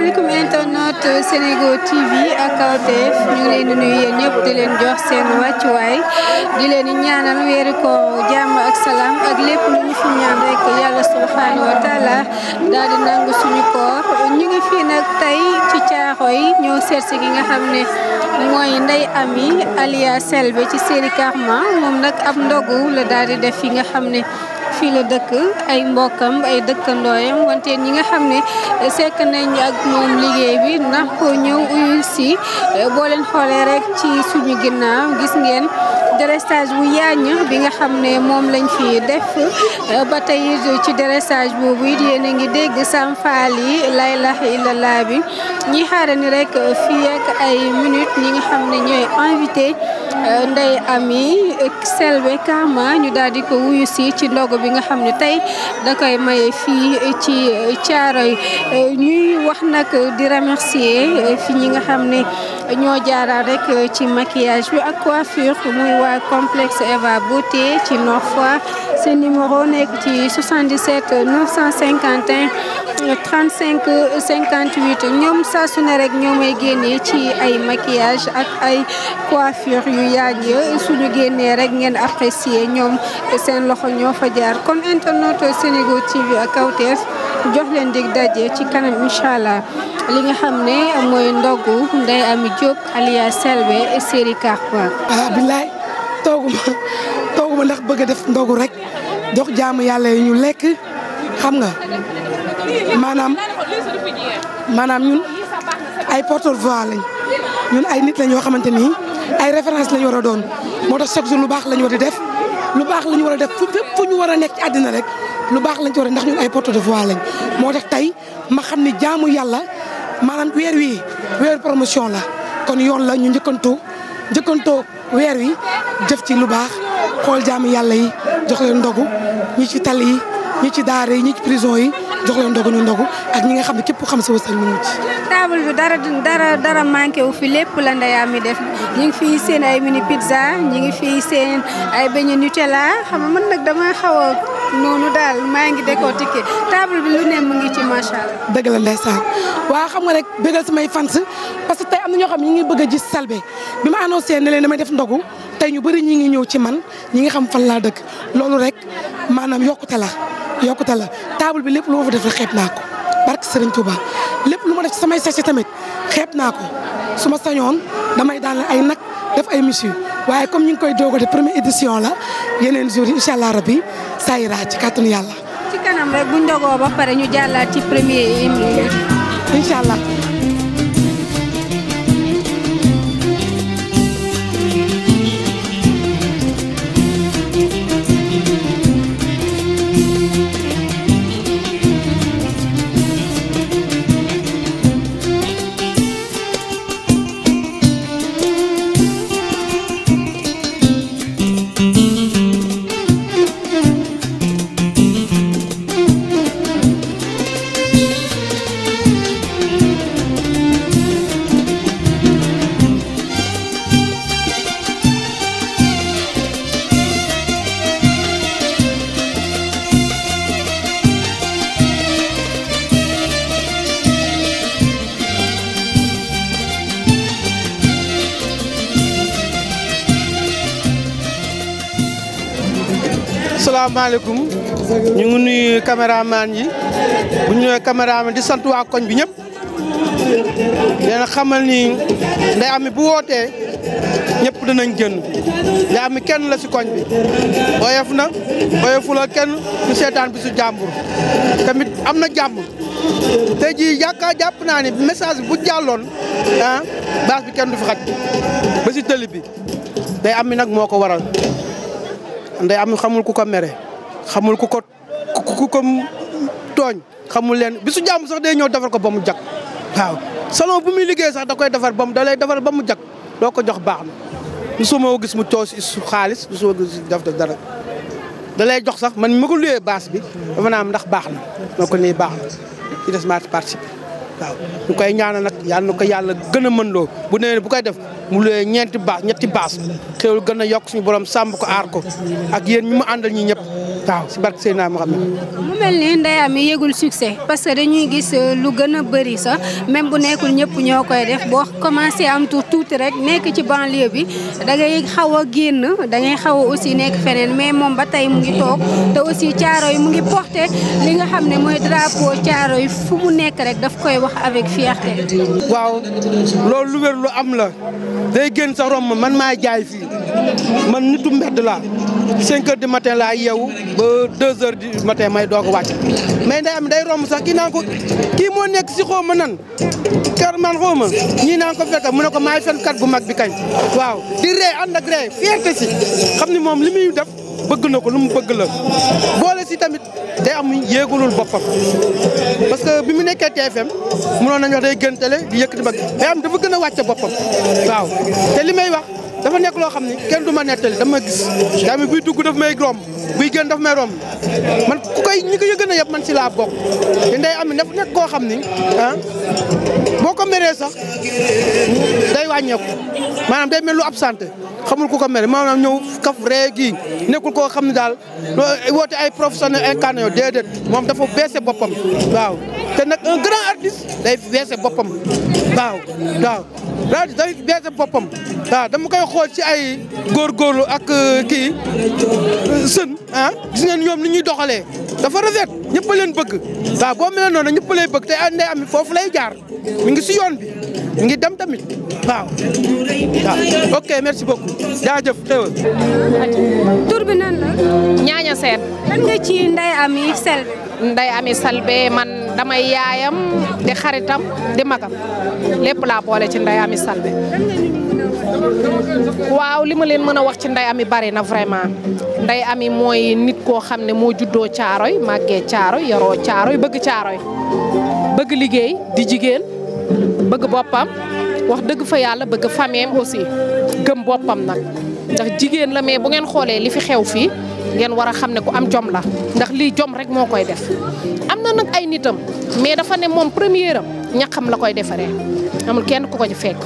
asalaamaaleykum internet euh, Sénégo TV ak Kawtef ñu leen di nuyu yéen di leen jox seen wàccuwaay di leen ñaanal weeru ko jàmm ak salaam ak lépp ñu fi ñaan rek yàlla subhaanahu wa taala nangu suñu koor ñu ngi fii nag tey ci Caaroy ñoo seet si gi nga xam ne mooy Ndeye Amy alias Selbé ci série Karma moom nag ab ndogu la daal def fi nga xam ne. fii la dëkk ay mbokkam ay dëkkandooyam wante ñi nga xam ne sekk nañ ak moom liggéey bi ndax ko ñëw uyul si boo leen xoolee rek ci suñu ginnaaw gis ngeen délestage bu yaañu bi nga xam ne moom lañ fi def ba ci délestage boobu it yéen a ngi dégg Sam Fall yi lay lax ilalaa bi ñi ni rek fii ak ay minute ñi nga xam ne ñooy invité Euh, Ndeye Amy Selbé Kaama ñu daal di ko wuyu ci ndogu bi nga xam ne tey da koy maye fii ci Caaroy euh, ñuy wax nag di remercier euh, fi ñi nga xam ne ñoo jaaraat rek ci maquillage bi ak coiffure muy waa complexe Eva Beauté ci Nord Foire seen numéro nekk ci 77 951 35 58 ñoom saa su ne rek ñoo may génnee ci ay maquillage ak ay coiffure yu yaañ suñu génnee rek ngeen apprécier ñoom seen loxo ñoo fa jaar kon internet Sénégo TV ak Kawtef jox leen dig daje ci kanam incha allah li nga xam ne mooy ndogu Ndeye Amy Diop alias Selbe Séri Karpa. ah billaay tooguma tooguma ndax bëgg a def ndogu rek. jox jaamu yàlla yi ñu lekk xam nga maanaam maanaam ñun ay porte-voix lañ ñun ay nit lañ yoo xamante ni ay référence lañ war a doon moo tax chaque jour lu baax lañ war di def lu baax lañ war a def fu fépp fu ñu war a nekk ci àddina rek lu baax lañ ci war a ndax ñun ay porte-voix lañ moo tax tey ma xam ni jaamu yàlla maanaam weer wi weer promotion la kon yoon la ñu njëkkantoo njëkkantoo weer wi jëf ci lu baax xool jàmm yàlla yi jox leen ndogu ñi ci tali yi ñi ci daara yi ñi ci prison yi jox leen ndogu ñu ndogu ak ñi nga xam ne képp xam sa wërsëg mu ngi ci. table bi dara dara wu fi lépp la ndeyaa mi def ñu ngi fiy seen ay mini pizza ñu ngi fiy seen ay beñe Nutella xam nga man nag dama xaw a noonu daal maa ngi décortiquer table bi lu ne mu ngi ci macha allah. dëgg la ndeysaan waa xam nga rek bëggal samay fans parce que tey am na ñoo xam ne ñu ngi bëgg a gis Selbé bi ma annoncé ne leen damay def ndogu. tey ñu bëri ñi ngi ñëw ci man ñi ngi xam fan laa dëkk loolu rek maanaam yokkute la yokkute la table bi lépp lu ma fa def rek xeeb naa ko barke Serigne Touba lépp lu ma def ci samay sachet tamit xeeb naa ko su ma sañoon damay daal ay nag def ay monsieur waaye comme ñi ngi koy doog a def première édition la yeneen jours yi incha allah rabi saa yi ci kàttanu yàlla. ci kanam rek buñ dogoo ba pare ñu jàllaat ci premier émission. incha allah. asalaamaaleykum ñu ngi nuyu caméraman yi bu ñu ñëwee caméraman di sant koñ bi ñëpp leen xamal ni Ndeye Amy bu wootee ñëpp danañ génn Ndeye Amy kenn la si koñ bi oyof na oyofu la kenn du seetaan bi su jàmbur tamit am na jàmm tey ji yaakaar jàpp naa ni message bu jàlloon ah base bi kenn du fi ba si tëli bi Ndeye ami nag moo ko waral Ndeye Amy xamul ku ko mere xamul ku ko ku ko tooñ xamul leen bisu jàmm sax day ñëw defar ko ba mu jag waaw salon bu muy liggéey sax da koy defar ba mu da lay ba mu jag doo ko jox baax na mosuma ko gis mu toos su xaalis mosuma ko gis def dara da lay jox sax man ma ko luyee baas bi dafa naa am ndax baax na moo ko nii baax na ci des maa participer waaw ñu koy ñaana nag yàlla na ko yàlla gën a mën loo bu nee bu koy def mu luyee ñeenti baas ñetti baas xéwlu gën a yokk suñu borom sàmb ko aar ko ak yéen ñi mu àndal ñi ñëpp waaw si barke Seydina Mohamed. mu mel ni Ndeye Amy yëgul succès parce que dañuy gis euh, lu gën a bëri sax même bu nekkul ñëpp ñoo koy def boo commencé am tuuti rek nekk ci banlieue bi da ngay xaw a génn da xaw a aussi nekk feneen mais moom ba tey mu ngi toog te aussi caaro yi mu ngi porté li nga xam ne mooy drapeau caaro yi fu mu nekk rek daf koy wax avec fierté. waaw loolu lu wér lu am la day génn sax romb man maa jaay fii man nitu mbedd laa 5 laa yeewu. ba deux heures du matin may doog a wàcc mais ndeyam day romb sax kii naan ko kii moo nekk si xaw ma nan kër man xaw ma ñii naan ko fekk mu ne ko fenkat bu mag bi kañ waaw di ree ànd ak ree fierté si xam ni moom li muy def bëgg na ko lu mu bëgg la boole si tamit day am yéegalul boppam parce que bi mu nekkee TFM mënoon nañu wax day gën télé di yëkkati bëgg day am dafa gën a wàcce boppam waaw te li wax dafa nekk loo xam ni kenn du ma nettali dama gis tamit buy dugg daf may romb buy gën daf may man ku koy ñi ko gën a yëpp man si laa bokk te ndey am dafa nekk koo xam ni ah boo ko meree sax day wàññeeku maanaam day mel lu absenté xamul ku ko mere maanaam ñëw kaf ree gii nekkul koo xam ne daal woote ay professionnel incarné yoo déedéet moom dafa beese boppam waaw te nag un grand artiste day weese boppam waaw waaw rajo day weese boppam waaw dama koy xool ci ay góor góorgóorlu ak euh, kii euh, sën ah gis ngeen ñoom ni ñuy doxalee dafa rafet ñëpp leen bëgg waaw boo mel noonu ñëpp lay bëgg te àndee am foofu lay jaar mi ngi si yoon bi mi ngi dem tamit waaw waaw ok merci beaucoup jaajëf xéwal. tur bi nan la. ñaaña seet. lan nga ci Ndeye Amy man. damay yaayam di xaritam di magam lépp laa boole ci Ndeye Amy Selbé waaw li ma leen mën a wax ci Ndeye Amy bari na vraiment Ndeye Amy mooy nit koo xam ne moo juddoo caaroy màggee caaroy yaroo caaroy bëgg caaroy bëgg liggéey di jigéen bëgg boppam wax dëgg fa yàlla bëgg fameem aussi gëm boppam nag ndax jigéen la mais bu ngeen xoolee li fi xew fii ngeen war a xam ne ku am jom la ndax lii jom rek moo koy def am na nag ay nitam mais dafa ne moom première am ñaxam la koy defaree amul kenn ku ko ci fekk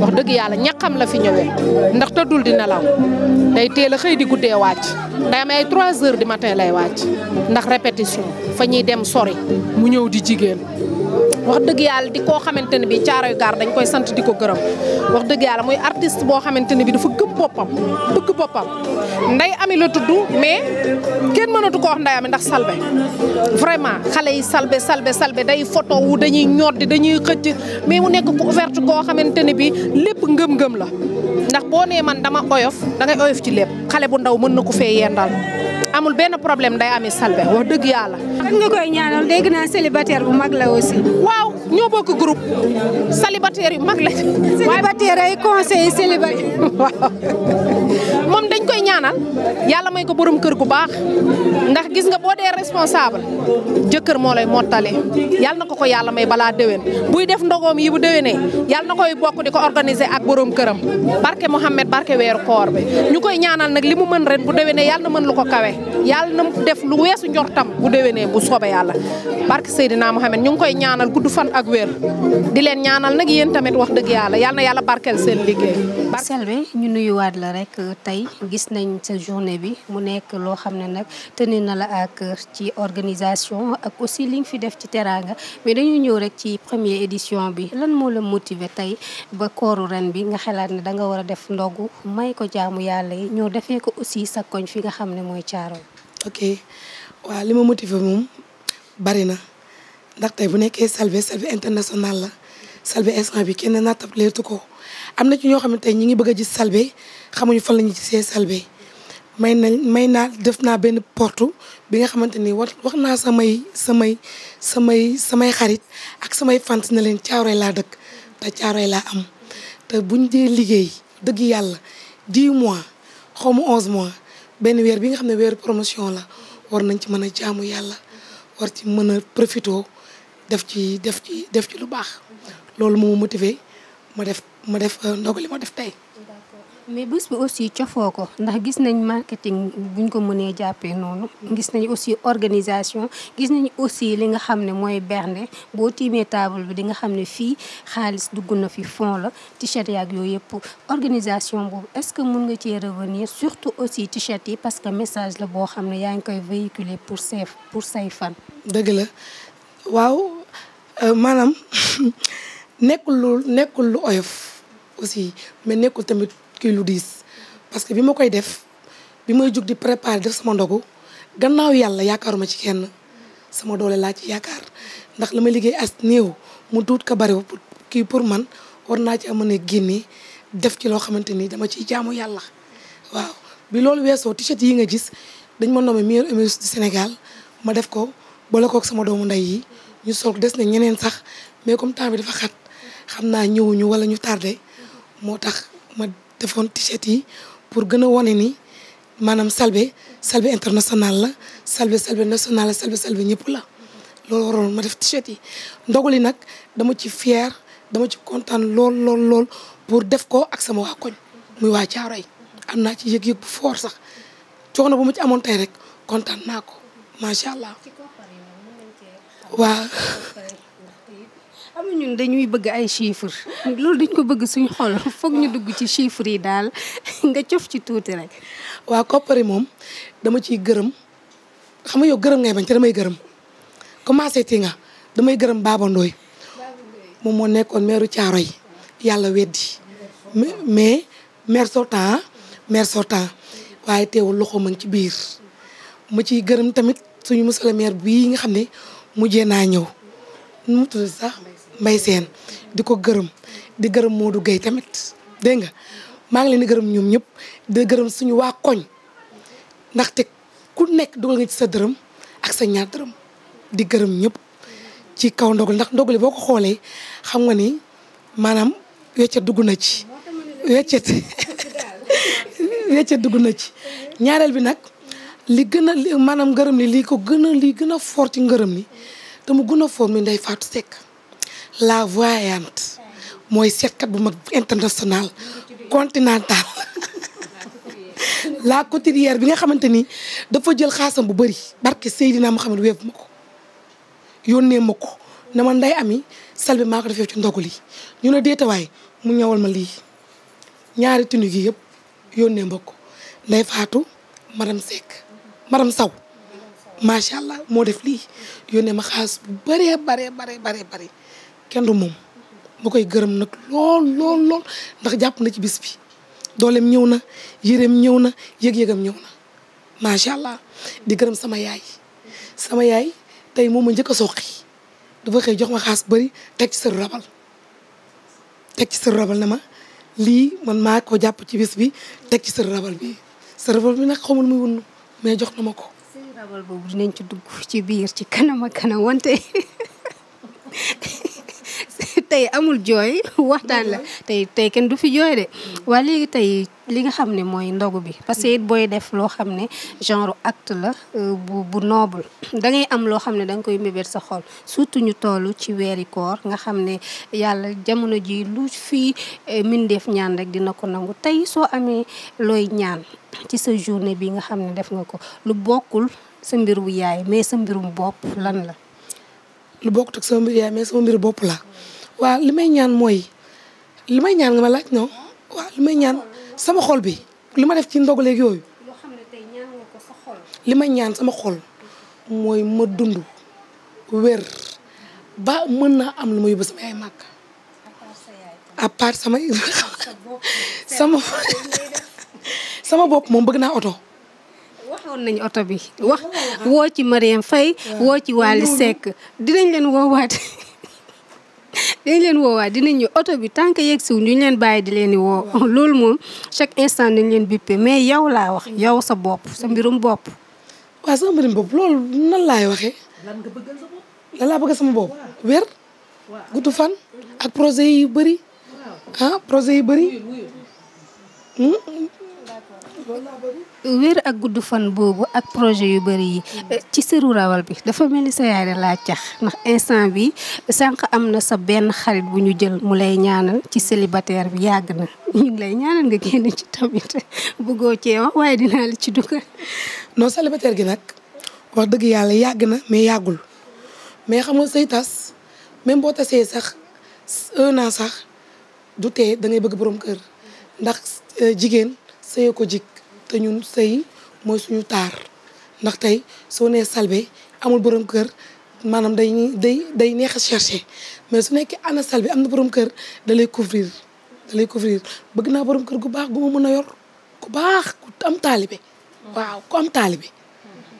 wax dëgg yàlla ñaxam la fi ñëwee ndax dul di nelaw day teel a xëy di guddee wàcc day am ay 3 heures du matin lay wàcc ndax répétition fa ñuy dem sori mu ñëw di jigéen wax dëgg yàlla di koo xamante ne bi Caaroy Gaar dañ koy sant di ko gërëm wax dëgg yàlla muy artist boo xamante ne bi dafa gëm boppam bëgg boppam nday ami la tudd mais kenn mënatu ko wax nday ami ndax salbe vraiment xale yi salbe salbe salbe day photo wu dañuy ñoddi dañuy xëcc mais mu nekk ku ouverte koo xamante ne bi lépp ngëm-ngëm la ndax boo nee man dama oyof da ngay oyof ci lépp xale bu ndaw mën na ko fee yendal amul benn problème nday ami Selbé wax dëgg yàlla. lan nga koy ñaanal dégg naa célibataire bu mag la aussi. waaw ñoo bokk groupe célibataire yu mag la. waaye célibataire ay conseillers célibataire. ñaanal yàlla may ko borom kër gu baax ndax gis nga boo dee responsable jëkkër moo lay mottale yal na ko ko yàlla may balaa déwén buy def ndogoom yi bu déwénee yàlla na koy bokk di ko organiser ak boroom këram barke Mouhamed barke weeru koor bi ñu koy ñaanal nag li mu mën ren bu déwénee yàlla na mën lu ko kawe yàlla na def lu weesu njortam bu déwénee bu soobee yàlla barke Seydina Mouhamed ñu ngi koy ñaanal gudd fan ak wér di leen ñaanal nag yéen tamit wax dëgg yàlla yàlla yàlla barkeel seen liggéey. nañ sa journée bi mu nekk loo xam ne nag tëni na la ak ci organisation ak aussi li nga fi def ci teraanga mais dañuy ñëw rek ci première édition bi lan moo la motiver tey ba kooru ren bi nga xalaat ne da nga war a def ndogu may ko jaamu yàlla yi ñoo defee ko aussi sa koñ fi nga xam ne mooy Caaroy ok waaw li ma motiver moom bari na ndax tey bu nekkee Salvé Salvé international la Salvé instant bi kenn naattab leertu ko am na ci ñoo xam ne tey ñi ngi bëgg a gis Salvé xamuñu may na may naa def naa benn porte bi nga xamante ni wax naa samay samay samay samay xarit ak samay fans na leen caaroy laa dëkk te caaroy laa am te buñ dee liggéey dëgg yàlla dix mois xaw ma onze mois benn weer bi nga xam ne weer promotion la war nañ ci mën a jaamu yàlla war ci mën a profito def ci def ci def ci lu baax loolu moo motivé ma def ma def euh, ndogu li ma def tey. mais bés bi aussi cofoo ko ndax gis nañ marketing buñ ko mënee jàppee noonu gis nañ aussi organisation gis nañ aussi li nga xam ne mooy bernde boo tiimee table bi di nga xam ne fii xaalis dugg na fi fond la t-shirt yaag yooyu yëpp organisation boobu est-ce que mun nga cee revenir surtout aussi t-shirt yi parce que message la boo xam ne yaa ngi koy véhiculer pour say pour say fan. dëgg la waaw euh, maanaam. nekkul lu nekkul lu oyof aussi mais nekkul tamit kii lu diis parce que bi ma koy def bi may jug di préparer def sama ndogu gannaaw yàlla yaakaaruma ci kenn sama doole laa ci yaakaar ndax la ma liggéey as néew mu tuut ka bari kii pour man war naa ci mën a génne def ci loo xamante ni dama ci jaamu yàlla waaw bi loolu weesoo t-shirt yi nga gis dañ ma nommé meilleure émiss Sénégal ma def ko boole kook sama doomu ndey yi ñu sol des na ñeneen sax mais comme temps bi dafa xat xam naa ñëwuñu wala ñu tardé moo tax ma defoon t yi pour gën a wane ni maanaam Selbé Selbé international la Selbé Selbé national la Selbé Selbé ñëpp la loolu waroon ma def t-shirt yi ndogali nag dama ci fier dama ci kontaan lool lool pour def ko ak sama waa koñ muy waa yi am naa ci yëg-yëg bu fort sax soxna bu ma ci amoon tey rek kontaan naa ko macha allah. waa am ñun dañuy bëgg ay chiffres loolu dañ ko bëgg suñu xol foog ñu dugg ci chiffres yi daal nga cof ci tuuti rek. waa koppar yi moom dama ciy gërëm xam ma yow gërëm ngay bañ te damay gërëm commencé ti nga damay gërëm Baba Ndoye moo nekkoon meeru Caaroy yàlla weddi mais maire sortant maire sortant waaye teewul loxo ma ngi ci biir ma ciy gërëm tamit suñu monsieur maire bii nga xam ne mujjee naa ñëw sax. Mbaye seen di ko gërëm di gërëm Modou Gueye tamit dégg nga maa ngi leen di gërëm ñoom ñëpp di gërëm suñu waa koñ ndaxte ku nekk dugal nga ci sa dërëm ak sa ñaar dërëm di gërëm ñëpp ci kaw ndogal ndax li boo ko xoolee xam nga ni maanaam weccet dugg na ci weccet weccet dugg na ci ñaareel bi nag li gën a maanaam ngërëm li lii ko gën a lii gën a fort ngërëm li te mu gën a fort mi Ndeye Fatou Seck la voyante mooy seetkat bu mag international continental la couturière bi nga xamante ni dafa jël xaasam bu bëri barke Seydina Muhammad weebu ma ko yónnee ma ko ne ma nday ami sal bi maa ko defee ci ndogu li ñu ne déetawaay mu ñëwal ma lii ñaari tunu yi yëpp yónnee ma ko nday faatu madame Seck madame Saw macha allah moo def lii yónnee ma xaas bu bëree bare bari bare kenn du moom ma koy gërëm nag lool lool lool ndax jàpp na ci bis bi dooleem ñëw na yéreem ñëw na yëg-yëgam ñëw na macha allah di gërëm sama yaay sama yaay tey moom ma njëkk a soqi dafa xëy jox ma xaas bari teg ci sa rabal teg ci sa rabal na ma lii man maa ko jàpp ci bis bi teg ci sër rabal bi sa rabal bi nag xamul muy wunnu mais jox na ma ko. sa boobu dinañ ci dugg ci biir ci kanam ak wante. tey amul jooy waxtaan la tey tey kenn du fi jooy de waa léegi tey li nga xam ne mooy ndogu bi parce que booy def loo xam ne genre acte la euh, bu bu noble da am loo xam ne da nga koy mébét sa xol surtout ñu toll ci weeri koor nga xam ne yàlla jamono ji lu fii euh, mindeef ñaan rek dina ko nangu tey soo amee looy ñaan ci sa journée bi nga xam ne def nga ko lu bokkul sa mbiru yaay mais sa mbirum bopp lan la lu bokkul ak sa mbiru yaay mais sama mbiru bopp la waaw li may ñaan mooy li may ñaan nga ma laaj non waaw li may ñaan sama xol bi li ma def ci ndogaleeg yooyu li may ñaan sama xol mooy ma dund wér ba mën naa am lu ma yóbbu sama yaay màkk à part sama sama bopp moom bëgg naa oto waxoon nañ oto bi wax woo ci Marième Faye woo ci Wally Seck dinañ leen woowaat dañ leen woowaat dinañ ñu oto bi tant que yegg si ñu leen bàyyi di leen di woo loolu moom chaque instant dañ leen bippe mais yow laa wax yow sa bopp sa mbirum bopp. waaw sama mbirum bopp loolu nan laay waxee. la nga bëggal laa bëgg sama bopp wér. gudd fan ak projet yu bëri. Ah, projet yu bëri. Hmm? wér ak gudd fan boobu ak projet yu bari yi mm. eh, ci sëru rawal bi dafa mel ni sa yaay laa cax ndax instant bi sànq am na sa benn xarit bu ñu jël mu lay ñaanal ci célibataire bi yàgg na ñu ngi lay ñaanal nga génn ci tamit buggoo cee waaye dinaa la ci dugal. non célibataire gi nag wax dëgg yàlla yàgg na mais yàggul mais xam nga say tas même boo tasee sax un an sax du tee dangay ngay bëgg borom kër ndax euh, jigéen sëyoo ko jig te ñun sëy mooy suñu taar ndax tey soo nee Selbé amul borom kër maanaam day day day neex a chercher mais su nekkee ana Selbé am na borom kër da lay couvrir da couvrir bëgg naa borom kër gu baax gu ma mën a yor ku baax ku am taalibe waaw ko am taalibe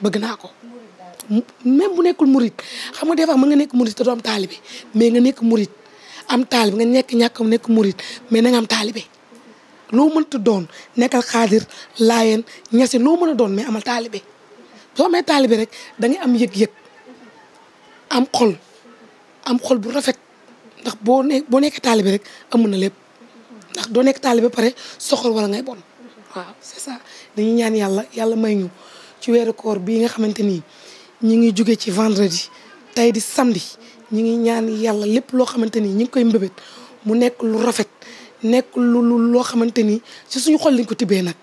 bëgg naa ko même bu nekkul murit xam nga des fois mën nga nekk murit te doo am taalibe mais nga nekk murit am taalibe nga nekk ñàkk nekk murit mais na nga am taalibe loo mënta doon nekkal xaadir laayeen ñase loo mën a doon mais amal taalibe soo amee taalibe rek da am yëg-yëg am xol am xol bu rafet ndax boo ne boo nekkee taalibe rek amun na lépp ndax doo nekk taalibe pare soxor wala ngay bon waaw c'est ça dañuy ñaan yàlla yàlla may ñu ci weeru koor bii nga xamante nii ñi ngi jóge ci vendredi tey di samedi ñi ngi ñaan yàlla lépp loo xamante nii ñi ngi koy mbébét mu nekk lu rafet nekk lu lu loo xamante ni ci suñu xol lañ ko tibbee nag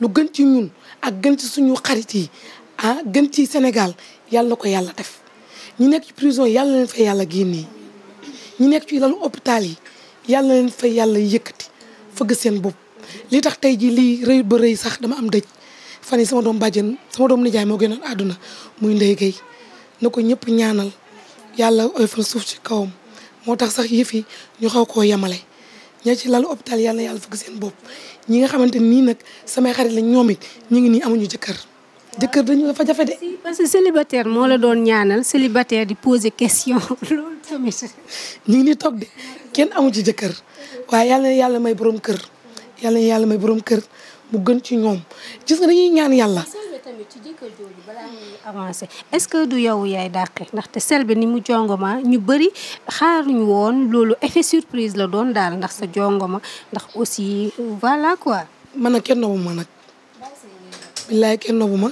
lu gën ci ñun ak gën ci suñu xarit yi ah gën ci Sénégal yàlla ko yàlla def ñi nekk ci prison yàlla leen fa yàlla nekk ci lalu hôpital yi yàlla leen fa yàlla yëkkati fëgg seen bopp li tax tey jii lii rëyut ba rëy sax dama am dëj fan yi sama doom bàjjen sama doom nijaay moo génnoon àdduna muy Ndeye Gueye na ko ñëpp ñaanal yàlla oyofal suuf ci kawam moo tax sax yëf ñu xaw koo yemale ña ci lalu hôpital yal na yàlla fukk seen bopp ñi nga xamante nii nag samay xarit lañ ñoom it ñu ngi nii amuñu jëkkër jëkkër dañu dafa jafe de. parce que célibataire moo la doon ñaanal célibataire di poser question loolu tamit. ñu ngi nii toog de kenn amu ci jëkkër waaye yàlla na yàlla may boroom kër yàlla na yàlla may boroom kër mu gën ci ñoom gis nga dañuy ñaan yàlla. tamit ci jëkkër jooju balaa ñuy hmm. avancé est-ce que du yow yaay dàqe ndaxte selbe ni mu jongoma ñu bëri xaaruñu woon loolu effet surprise la doon daal ndax sa jongoma ndax aussi voilà quoi. man nag kenn nobu ma nag. billaay kenn nobu ma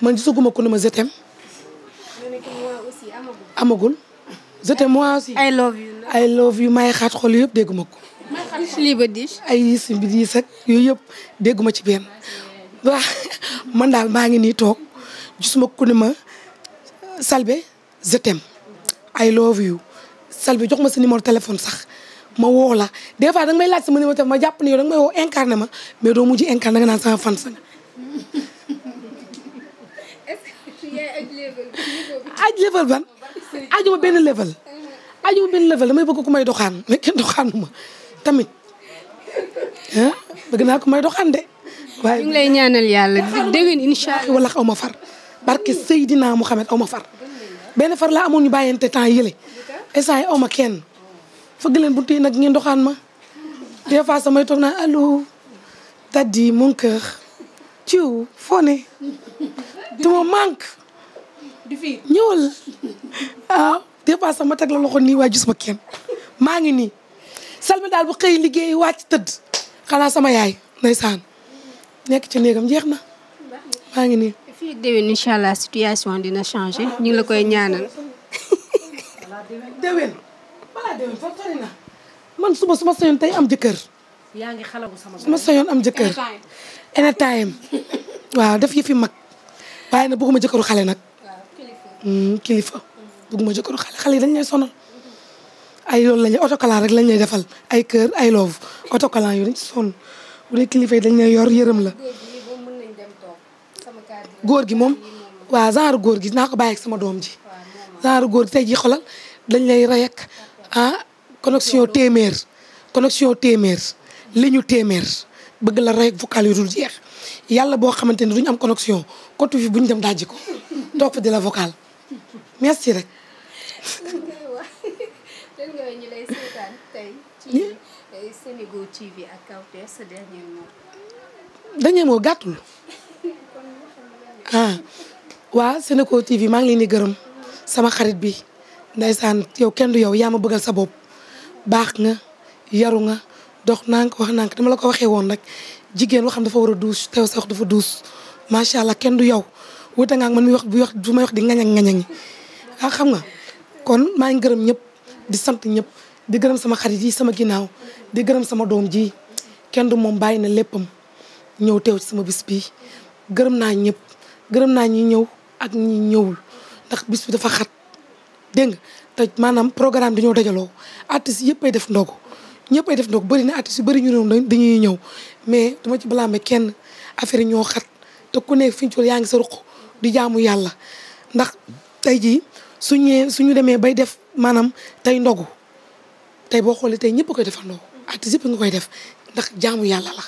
man gisaguma ku ne ma jetem. amagul. jetem moi aussi. I love you I love you may xaat xol yëpp dégguma ko. may xaat lii ay yi si bi yooyu yëpp dégguma ci benn. waaw man daal maa ngi nii toog gisuma ku ne ma salbe je t'aime I love you Selbé jox ma sa numéro téléphone sax ma woo la des fois danga may laaj sama numéro téléphone ma jàpp ni yow danga may woo incarné ma mais doo mujj incarné nga naan sama fan sa aj level ban ajuma benn level ajuma benn level damay bëgg ku may doxaan mais kenn doxaanu ma tamit ah bëgg naa ku may doxaan de ñu ngi lay ñaanal yàlla déwén incha allah wala aw ma far barke Seydina Mouhamed aw ma far benn far laa amoon ñu bàyyante temps yële instant yi aw ma kenn fëgg leen bu yi nag ngeen doxaan ma des fois samay toog naa allo taddi mon cœur ciw foo ne tu me manques ñëwal ah sama teg la loxo nii waaye gis ma kenn maa ngi nii Selma daal bu xëy liggéey wàcc tëdd xanaa sama yaay ndeysaan nekk ci néegam jeex na maa ngi nii. fii déwén incha allah situation dina changé ñu la koy ñaanal. déwén balaa déwén man suba suma sañoon tey am jëkkër. yaa ngi xalabu sama suma sañoon am jëkkër. anytime waaw def yi fi mag waaye nag bëgguma jëkkëru xale nag. Hmm, kilifa bëgguma jëkkëru xale xale yi dañ lay sonal. ay loolu lañuy autocollant rek lañ lay defal ay kër ay loofu autocollant yooyu dañ ci bu dee kilifa yi dañ lay yor yërëm la góor gi moom waa genre góor gi naa ko bàyyi ak sama doom ji genre góor gi tey ji xolal dañ lay rey ak ah connexion téeméer li ñu téeméer bëgg la rey vocal yu dul jeex yàlla boo xamante ni duñ am connexion côté fi bu ñu dem dajji ko toog fa di la vocal merci rek. Sénégo TV ak Kawtef sa dernier gàttul. ah waa Sénégo TV maa ngi leen di gërëm sama xarit bi ndaysaan yow kenn du yow yaa ma bëggal sa bopp baax nga yaru nga dox nank wax nank dama la ko waxee woon rek jigéen waxam dafa war a duus teew wax dafa duus macha allah kenn du yow wuute nga ak man wax bu wax bu may di ngaña ngaña ngi ah xam nga kon maa ngi ñëpp di sant ñëpp. di gërëm sama xarit yi sama ginnaaw di gërëm sama doom ji kenn du moom bàyyi na léppam ñëw teew ci sama bis bi gërëm naa ñëpp gërëm naa ñi ñëw ak ñëwul ndax bis bi dafa xat dégg nga te maanaam programme ñoo dajaloo artistes yëpp ay def ndogu ñëpp ay def ndogu bari na artistes yu bëri ñu noonu dañuy ñëw mais dama ci blâmer kenn affaire ñoo xat te ku nekk fi yaa ngi sa ruq di jaamu yàlla ndax tey jii su ñu demee bay def maanaam tey ndogu tey boo xoolee tey ñëpp koy defandoo artiste yëpp nga koy def ndax jaamu yàlla la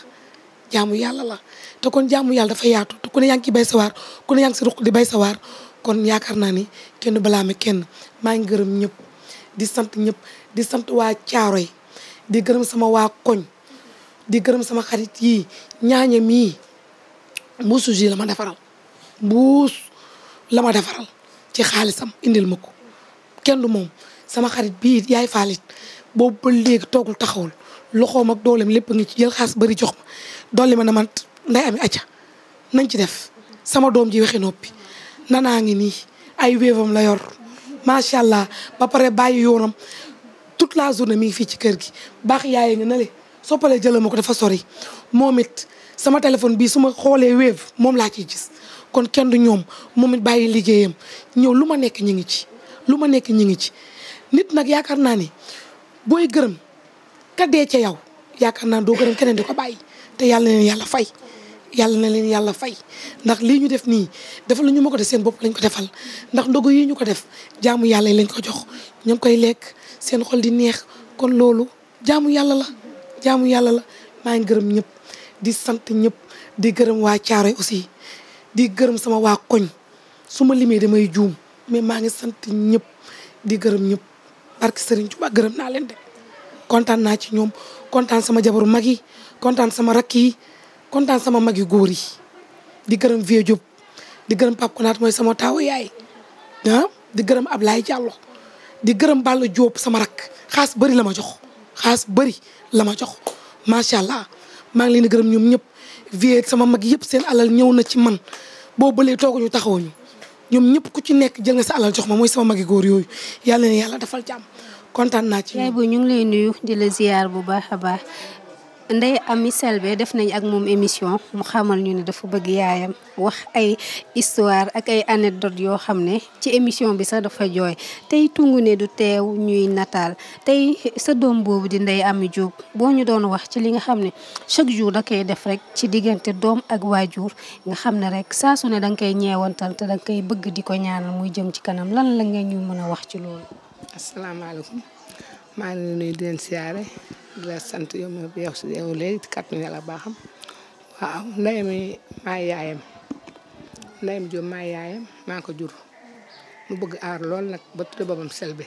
jaamu yàlla la te kon jaamu yàlla dafa yaatu te ku ne yaa ngi bay sawaar ku ne yaa ngi si ruq di bay sawaar kon yaakaar naa ni kenn balaame kenn maa ngi gërëm ñëpp di sant ñëpp di sant waa caaro yi di gërëm sama waa koñ di gërëm sama xarit yii ñaaña mii mbuusu ji la ma defaral mbuus la ci xaalisam indil ma ko kenn du moom sama xarit bii yaay faalit boobu ba léegi toogul taxawul loxoom ak dooleem lépp ngi ci jël xaas bari jox ma dolli ma na man nday ami acca nañ ci def sama doom ji waxi noppi nanaa ngi nii ay weewam la yor macha allah ba pare bàyyi yoonam tout la journée mi ngi fii ci kër gi baax yaaye nga nale soppale jëla ma ko dafa sori moom it sama téléphone bii su ma xoolee weew moom laa ciy gis kon kenn du ñoom moom it bàyyi liggéeyam ñëw lu ma nekk ñu ngi ci lu ma nekk ñu ngi ci nit nag yaakaar naa ni booy gërëm ka dee ca yow yaakaar naa doo gërëm keneen di ko bàyyi te yàlla na yàlla fay yàlla na leen yàlla fay ndax lii ñu def nii defal ñu ma ko def seen bopp lañ ko defal ndax ndogu yi ñu ko def jaamu yàlla lañ ko jox ñu koy lekk seen xol di neex kon loolu jaamu yàlla la jaamu yàlla la maa ngi gërëm ñëpp di sant ñëpp di gërëm waa Caaroy aussi di gërëm sama waa koñ su ma limee may juum mais maa ngi sant ñëpp di gërëm ñëpp barke Serigne Touba gërëm naa leen de kontaan naa ci ñoom kontaan sama jabaru mag yi kontaan sama rakk yi kontaan sama mag yu góor yi di gërëm Vieux Diop di gërëm Pape Konaat mooy sama taawu yaay ah di gërëm Ablaye Diallo di gërëm Balla jóob sama rakk xaas bëri la ma jox xaas bëri la ma jox macha allah maa ngi leen gërëm ñoom ñëpp Vieux sama mag yëpp seen alal ñëw na ci man boo bëlee tooguñu taxawuñu ñoom ñëpp ku ci nekk jël nga sa alal jox ma mooy sama magi góor yooyu yàlla na yàlla dafal jàmm kontaan naa ci. yaay bu ñu ngi lay nuyu di la ziar bu baax a baax ndey Amy Selbé def nañ ak moom émission mu xamal ñu ne dafa bëgg yaayam wax ay histoire ak ay anecdote yoo xam ne ci émission bi sax dafa jooy tey tungu ne du teew ñuy nataal tey sa doom boobu di Ndeye Amy Diop boo ñu doon wax ci li nga xam ne chaque jour da koy def rek ci diggante doom ak waajur nga xam ne rek saa su ne da nga koy ñeewantal te da koy bëgg di ko ñaanal muy jëm ci kanam lan la nga ñu mën a wax ci loolu. asalaamaaleykum maa ngi leen nuyu di di la sant yow mi yow si baaxam waaw ndey mi maa yaayam ndey mi Jóob maa yaayam maa ko jur mu bëgg aar lool nag ba tudde boppam Selbé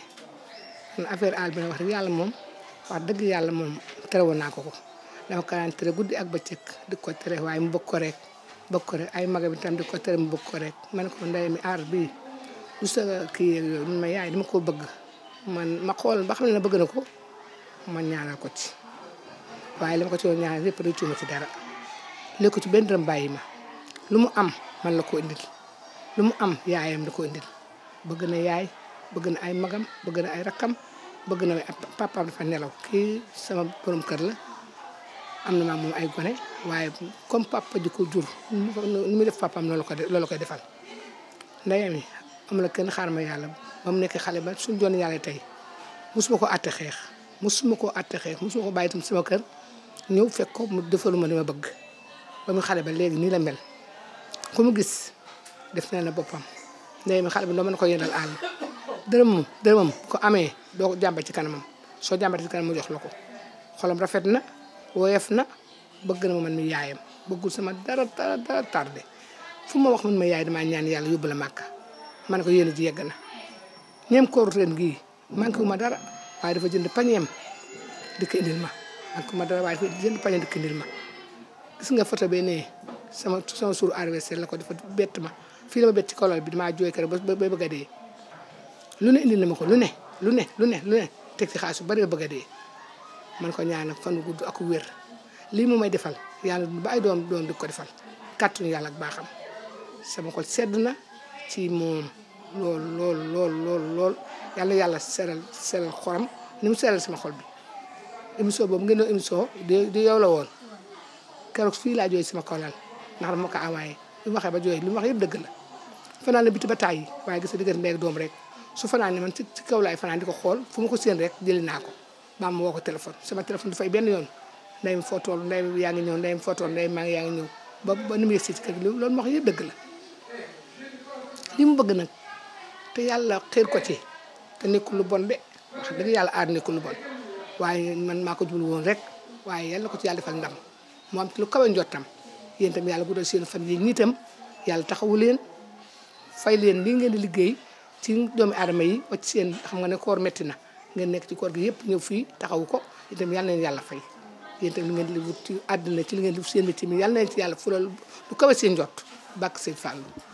kon affaire aar bi nag wax dëgg yàlla moom wax dëgg yàlla moom terewoon naa ko ko dama ko tere guddi ak bëccëg di ko tere waaye mu bëgg ko rek bëgg ko rek ay maga bi tam di ko tere mu bëgg ko rek ma ne ko ndey mi aar bii du sa kii yooyu ma yaay dama ko bëgg ma xool ba na bëgg na ko ma ñaanal ko ci waaye li ko ci woon ñaanal lépp rëccu ma ci dara léegi ko ci benn dërëm ma lu mu am man la ko indil lu mu am yaayam la ko indil bëgg na yaay bëgg na ay magam bëgg na ay rakkam bëgg na papaam dafa nelaw kii sama borom kër la am na maa moom ay gone waaye comme papa ji ko jur ni muy def papaam loolu ko loolu koy defal ndeyam yi am la kenn xaar ma yàlla ba mu nekk xale ba suñ doon yàlla tey musuma ko àtte xeex ko koo àtte mu musuma ko bàyyi itam sama kër ñëw fekk ko mu defalu ma li ma bëgg ba mu xale ba léegi nii la mel ko mu gis def na boppam ndey mi xale bi doo mën ko yendal àll dërëmam dërëmam ko amee doo ko jàmbat ci kanamam soo jàmbat ci mu jox la ko xolam rafet na woyof na bëgg na ma man mi yaayam bëggul sama dara dara dara tardé fu ma wax mun ma yaay damaa ñaan yàlla yóbbu la màkk ma ne ko yéen ji yegg na ñeem kooru ren gii manqué wu ma dara waaye dafa jënd pañeem dëkk indil ma man ko ma dara waaye dafa jënd pañeem dëkk indil ma gis nga photo bi ne sama sama suur anniversaire la ko dafa bett ma fii la ma bett ci kolol bi damaa jooy kër ba ba dee lu ne indil na ma ko lu ne lu ne lu ne lu ne teg ci xaalis bu bari ba bëgg a dee man ko ñaanal fan gudd ak wér lii mu may defal yàlla ba ay doom doom di ko defal kàttuñu yàlla ak baaxam sama xol sedd na si moom lool lool lool lool lool yàlla yàlla seral seral xoram ni mu seral sama xool bi émission boobu ngeen doon émission di di yow la woon keroog fii laa jooy ma kaw laal ndax ma ko envoyé li mu waxee ba jooy li mu wax yëpp dëgg la fanaan la biti ba taay yi waaye gis nga diggante meeg doom rek su fanaan ne man ci kaw laay fanaan di ko xool fu ma ko séen rek jëli naa ko maam ma ko téléphone sama téléphone dafay benn yoon nday mi foo yaa ngi ñëw nday mi foo toll nday ngi yaa ba ba loolu moo yëpp dëgg la mu bëgg nag te yàlla xër ko ci te nekkul lu bon de wax dëgg yàlla aar nekkul lu bon waaye man maa ko jublu woon rek waaye yàlla ko ci yàlla defal ndam moo am ci lu kawe njottam yéen itam yàlla guddal seen fan yi nitam yàlla taxawu leen fay leen lii ngeen di liggéey ci doomi aadama yi wacc seen xam nga ne koor metti na ngeen nekk ci koor yëpp ñëw fii taxawu ko itam yàlla yàlla fay yéen itam li ngeen di wut ci àddina ci li ngeen di seen métier mi yàlla leen ci yàlla fulal lu kawe seen njott bàkk seen fàllu